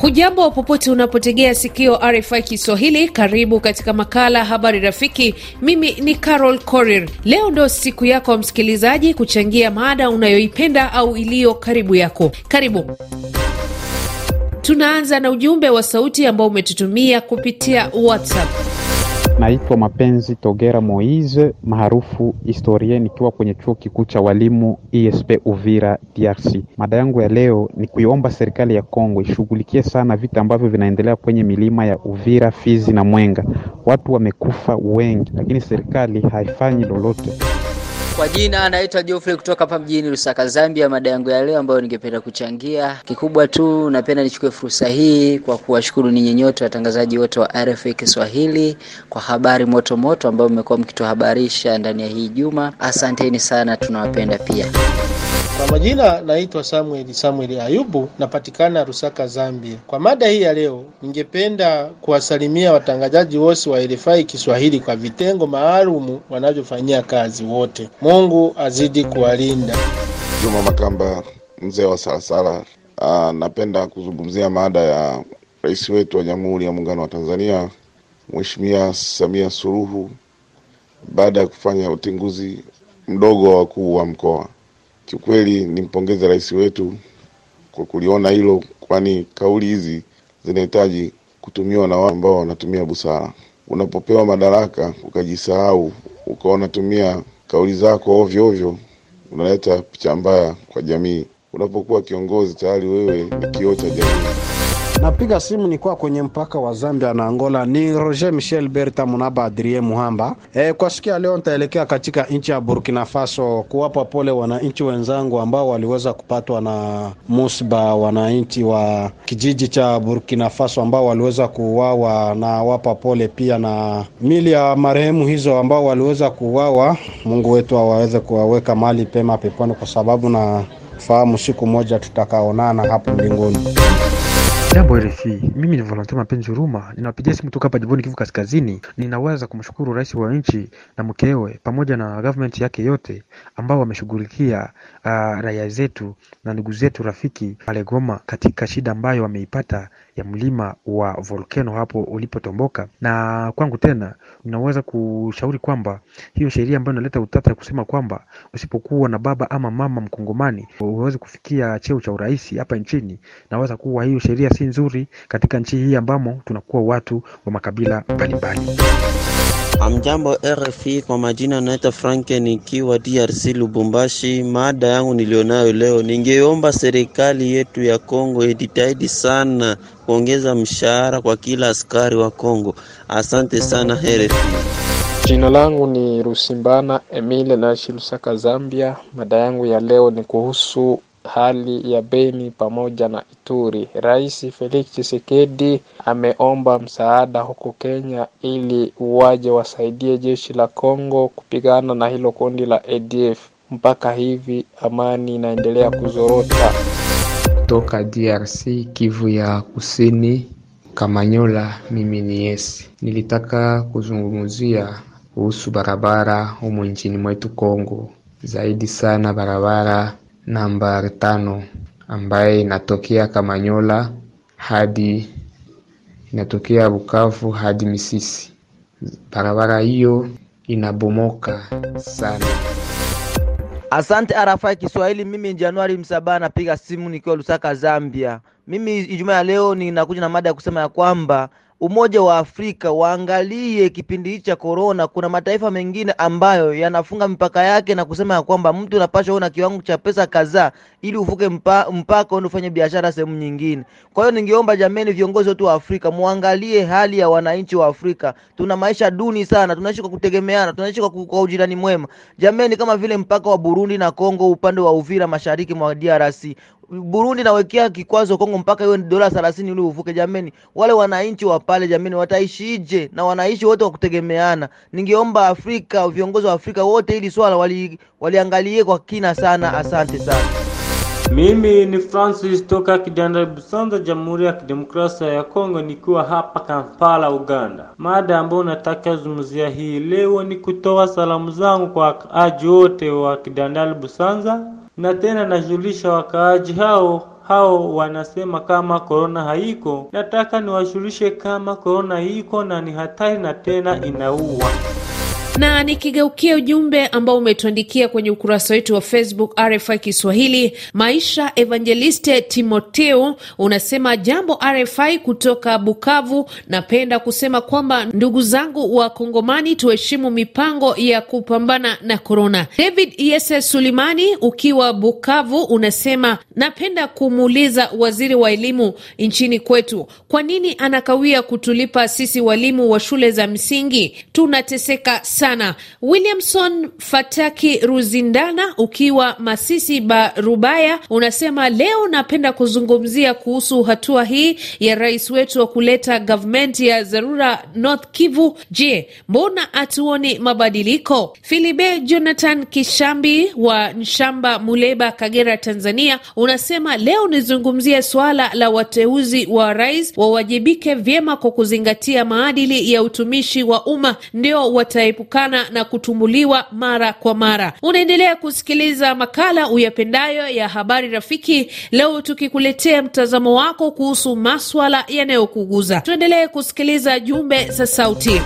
Hujambo popote unapotegea sikio RFI Kiswahili, karibu katika makala habari rafiki. Mimi ni Carol Korir. Leo ndo siku yako msikilizaji kuchangia mada unayoipenda au iliyo karibu yako. Karibu. Tunaanza na ujumbe wa sauti ambao umetutumia kupitia WhatsApp. Naitwa Mapenzi Togera Moise maarufu Historien, nikiwa kwenye chuo kikuu cha walimu ISP e Uvira, DRC. Mada yangu ya leo ni kuiomba serikali ya Kongo ishughulikie sana vita ambavyo vinaendelea kwenye milima ya Uvira, Fizi na Mwenga. Watu wamekufa wengi, lakini serikali haifanyi lolote. Kwa jina anaitwa Geoffrey kutoka hapa mjini Lusaka, Zambia. Mada yangu ya leo ambayo ningependa kuchangia, kikubwa tu napenda nichukue fursa hii kwa kuwashukuru ninyi nyote watangazaji wote wa RFA Kiswahili kwa habari moto moto ambayo mmekuwa mkituhabarisha ndani ya hii juma. Asanteni sana, tunawapenda pia. Kwa majina naitwa Samuel Samuel Ayubu, napatikana rusaka Zambia. Kwa mada hii ya leo, ningependa kuwasalimia watangazaji wote wa RFI Kiswahili kwa vitengo maalumu wanavyofanyia kazi wote. Mungu azidi kuwalinda. Juma Makamba, mzee wa Sarasara. Aa, ah, napenda kuzungumzia mada ya rais wetu wa Jamhuri ya Muungano wa Tanzania Mheshimiwa Samia Suluhu baada ya kufanya utenguzi mdogo wa wakuu wa mkoa Kiukweli nimpongeze rais wetu kwa kuliona hilo, kwani kauli hizi zinahitaji kutumiwa na watu ambao wanatumia busara. Unapopewa madaraka ukajisahau, ukawa unatumia kauli zako ovyo ovyo, unaleta picha mbaya kwa jamii. Unapokuwa kiongozi tayari wewe ni kioo cha jamii. Napiga simu nikuwa kwenye mpaka wa Zambia na Angola. Ni Roger Michel Berta Munaba Adrie Muhamba. E, kwa siku ya leo nitaelekea katika nchi ya Burkina Faso kuwapa pole wananchi wenzangu ambao waliweza kupatwa na musiba, wananchi wa kijiji cha Burkina Faso ambao waliweza kuuawa, na wapa pole pia na mili ya marehemu hizo ambao waliweza kuuawa. Mungu wetu awaweze kuwaweka mahali pema peponi, kwa sababu na fahamu siku moja tutakaonana hapo mbinguni. Jambo RFI, mimi ni Volontaire Mapenzi Huruma, ninawapigia simu kutoka hapa jimboni Kivu Kaskazini. Ninaweza kumshukuru rais wa nchi na mkewe pamoja na government yake yote ambao wameshughulikia uh, raia zetu na ndugu zetu rafiki pale Goma katika shida ambayo wameipata ya mlima wa volkeno hapo ulipotomboka. Na kwangu tena unaweza kushauri kwamba hiyo sheria ambayo inaleta utata kusema kwamba usipokuwa na baba ama mama mkongomani huwezi kufikia cheo cha urais hapa nchini, naweza kuwa hiyo sheria si nzuri katika nchi hii ambamo tunakuwa watu wa makabila mbalimbali. Amjambo RFI, kwa majina naita Franke nikiwa DRC Lubumbashi. Mada yangu nilionayo leo, ningeomba serikali yetu ya Kongo ijitahidi sana kuongeza mshahara kwa kila askari wa Kongo. Asante sana, heri. Jina langu ni Rusimbana Emile, naishi Lusaka, Zambia. Mada yangu ya leo ni kuhusu hali ya Beni pamoja na Ituri. Rais Felix Tshisekedi ameomba msaada huko Kenya ili waje wasaidie jeshi la Kongo kupigana na hilo kundi la ADF. Mpaka hivi amani inaendelea kuzorota toka DRC Kivu ya Kusini, Kamanyola. Mimi ni Yesi, nilitaka kuzungumzia kuhusu barabara humu nchini mwetu Kongo, zaidi sana barabara namba tano ambaye inatokea Kamanyola hadi inatokea Bukavu hadi Misisi. Barabara hiyo inabomoka sana. Asante RFI Kiswahili, mimi Januari Msaba napiga simu nikiwa Lusaka, Zambia. Mimi Ijumaa ya leo ninakuja na mada ya kusema ya kwamba Umoja wa Afrika waangalie kipindi hichi cha korona, kuna mataifa mengine ambayo yanafunga mipaka yake na kusema ya kwamba mtu anapaswa uwe na kiwango cha pesa kadhaa ili uvuke mpa, mpaka uende ufanye biashara sehemu nyingine. Kwa hiyo ningeomba jameni, viongozi wetu wa Afrika muangalie hali ya wananchi wa Afrika. Tuna maisha duni sana, tunaishi kwa kutegemeana, tunaishi kwa ujirani mwema jameni, kama vile mpaka wa Burundi na Kongo upande wa Uvira mashariki mwa DRC. Burundi nawekea kikwazo Kongo mpaka iwe dola thelathini ili uvuke. Jameni, wale wananchi wa pale jameni, wataishije? Na wanaishi wote wa kutegemeana. Ningeomba Afrika, viongozi wa Afrika wote, ili swala wali, waliangalie kwa kina sana. Asante sana. Mimi ni Francis toka Kidanda Busanza, Jamhuri ya Kidemokrasia ya Kongo, nikiwa hapa Kampala, Uganda. Mada ambayo nataka zungumzia hii leo ni kutoa salamu zangu kwa aji wote wa Kidanda Busanza na tena najulisha wakaaji hao hao wanasema kama korona haiko. Nataka niwajulishe kama korona iko na ni hatari na tena inaua. Na nikigeukia ujumbe ambao umetuandikia kwenye ukurasa wetu wa Facebook RFI Kiswahili, Maisha Evangeliste Timoteo unasema jambo RFI kutoka Bukavu. Napenda kusema kwamba ndugu zangu wa Kongomani, tuheshimu mipango ya kupambana na korona. David Yese Sulimani ukiwa Bukavu unasema napenda kumuuliza waziri wa elimu nchini kwetu, kwa nini anakawia kutulipa sisi walimu wa shule za msingi? Tunateseka sana sana. Williamson Fataki Ruzindana, ukiwa Masisi Barubaya, unasema leo napenda kuzungumzia kuhusu hatua hii ya rais wetu wa kuleta gavmenti ya dharura North Kivu. Je, mbona hatuoni mabadiliko? Filibe Jonathan Kishambi wa Nshamba, Muleba, Kagera, Tanzania, unasema leo nizungumzie suala la wateuzi wa rais wawajibike vyema kwa kuzingatia maadili ya utumishi wa umma, ndio wataepuka kutokana na kutumbuliwa mara kwa mara. Unaendelea kusikiliza makala uyapendayo ya Habari Rafiki, leo tukikuletea mtazamo wako kuhusu maswala yanayokuguza. Tuendelee kusikiliza jumbe za sauti.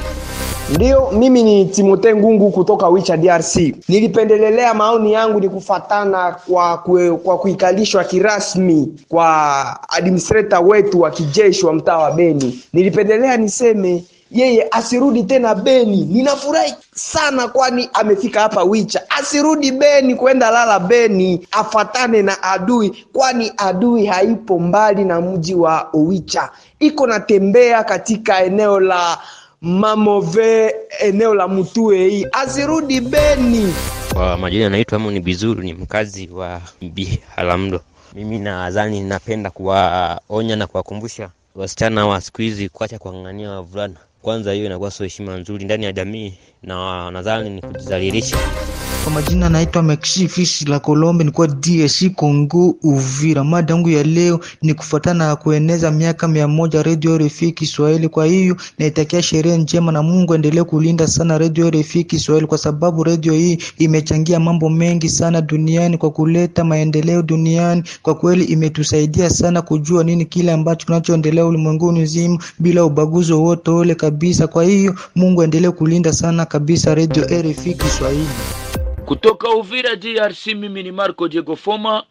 Ndiyo, mimi ni Timote Ngungu kutoka Wicha DRC. Nilipendelelea maoni yangu ni kufatana kwa, kwe, kwa kuikalishwa kirasmi kwa administrator wetu wa kijeshi wa mtaa wa Beni. Nilipendelea niseme yeye asirudi tena Beni. Ninafurahi sana, kwani amefika hapa Wicha. Asirudi Beni kwenda lala Beni, afatane na adui, kwani adui haipo mbali na mji wa wicha iko natembea katika eneo la Mamove, eneo la Mutue. Hii asirudi Beni. Kwa majina anaitwa Amoni Bizuru, ni mkazi wa Bihalamdo. Mimi nadhani napenda kuwaonya na kuwakumbusha wasichana wa siku hizi kuacha kuang'ang'ania wavulana. Kwanza hiyo inakuwa sio heshima nzuri ndani ya jamii, na nadhani ni kujizalilisha kwa majina naitwa Mexi Fish la colombe nikuwa DSC Kongo Uvira. Mada yangu ya leo ni kufuatana na kueneza miaka mia moja Radio RFI Kiswahili. Kwa hiyo naitakia sherehe njema na Mungu endelee kulinda sana Radio RFI Kiswahili, kwa sababu radio hii imechangia mambo mengi sana duniani kwa kuleta maendeleo duniani. Kwa kweli imetusaidia sana kujua nini kile ambacho kinachoendelea ulimwenguni nzima bila ubaguzi wowote ule kabisa. Kwa hiyo Mungu endelee kulinda sana kabisa Radio RFI Kiswahili. Kutoka Uvira DRC, mimi ni Marco Diego Foma.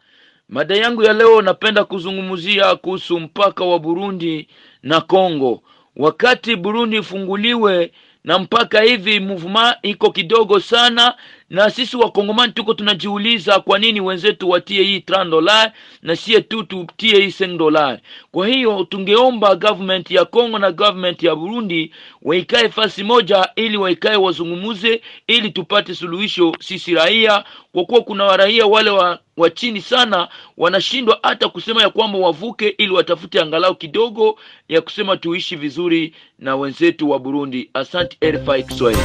Mada yangu ya leo napenda kuzungumzia kuhusu mpaka wa Burundi na Kongo. Wakati Burundi ifunguliwe na mpaka hivi muvuma iko kidogo sana, na sisi wakongomani tuko tunajiuliza kwa nini wenzetu watie hii tran na sie tu tutie hii sen kwa hiyo tungeomba government ya congo na government ya burundi waikae fasi moja ili waikae wazungumuze ili tupate suluhisho sisi raia kwa kuwa kuna waraia wale wa wa chini sana wanashindwa hata kusema ya kwamba wavuke ili watafute angalau kidogo ya kusema tuishi vizuri na wenzetu wa Burundi. Asante RFI Kiswahili.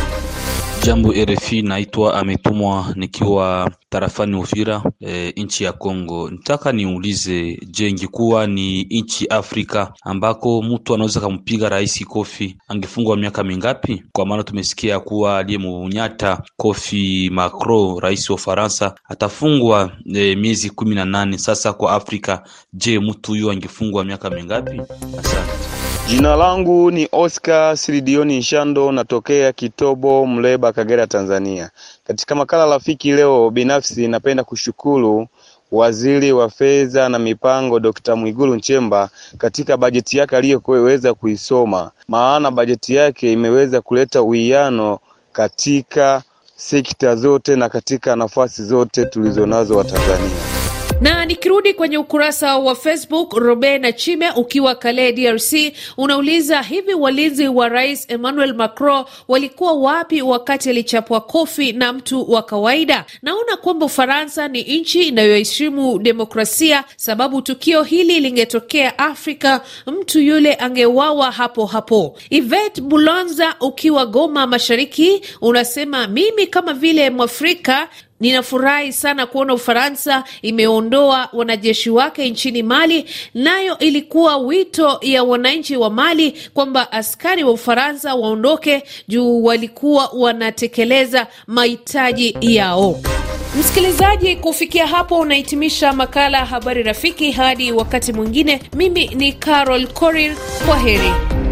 Jambo RFI, naitwa ametumwa nikiwa tarafani Uvira e, nchi ya Kongo. Nitaka niulize, je, ingekuwa ni nchi Afrika ambako mtu anaweza kumpiga rais Kofi angefungwa miaka mingapi? Kwa maana tumesikia kuwa aliyemunyata Kofi Macron, rais wa Ufaransa, atafungwa e, miezi kumi na nane. Sasa kwa Afrika, je, mtu huyo angefungwa miaka mingapi? Asante. Jina langu ni Oscar Silidioni Nshando, natokea Kitobo, Mleba, Kagera, Tanzania. Katika makala rafiki leo, binafsi napenda kushukuru Waziri wa Fedha na Mipango Dr. Mwigulu Nchemba katika bajeti yake aliyoweza kuisoma, maana bajeti yake imeweza kuleta uwiano katika sekta zote na katika nafasi zote tulizonazo Watanzania. Na nikirudi kwenye ukurasa wa Facebook, Robe na Chime ukiwa Kale, DRC, unauliza hivi, walinzi wa rais Emmanuel Macron walikuwa wapi wakati alichapwa kofi na mtu wa kawaida? Naona kwamba Ufaransa ni nchi inayoheshimu demokrasia, sababu tukio hili lingetokea Afrika, mtu yule angewawa hapo hapo. ivet Bulonza ukiwa Goma Mashariki unasema, mimi kama vile Mwafrika Ninafurahi sana kuona Ufaransa imeondoa wanajeshi wake nchini Mali, nayo ilikuwa wito ya wananchi wa Mali kwamba askari wa Ufaransa waondoke juu walikuwa wanatekeleza mahitaji yao. Msikilizaji, kufikia hapo unahitimisha makala ya habari rafiki. Hadi wakati mwingine, mimi ni Carol Korir, kwa heri.